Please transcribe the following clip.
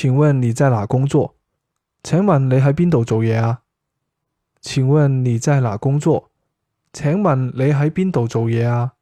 請問你在哪工作？請問你喺邊度做嘢啊？請問你在哪工作？請問你喺邊度做嘢啊？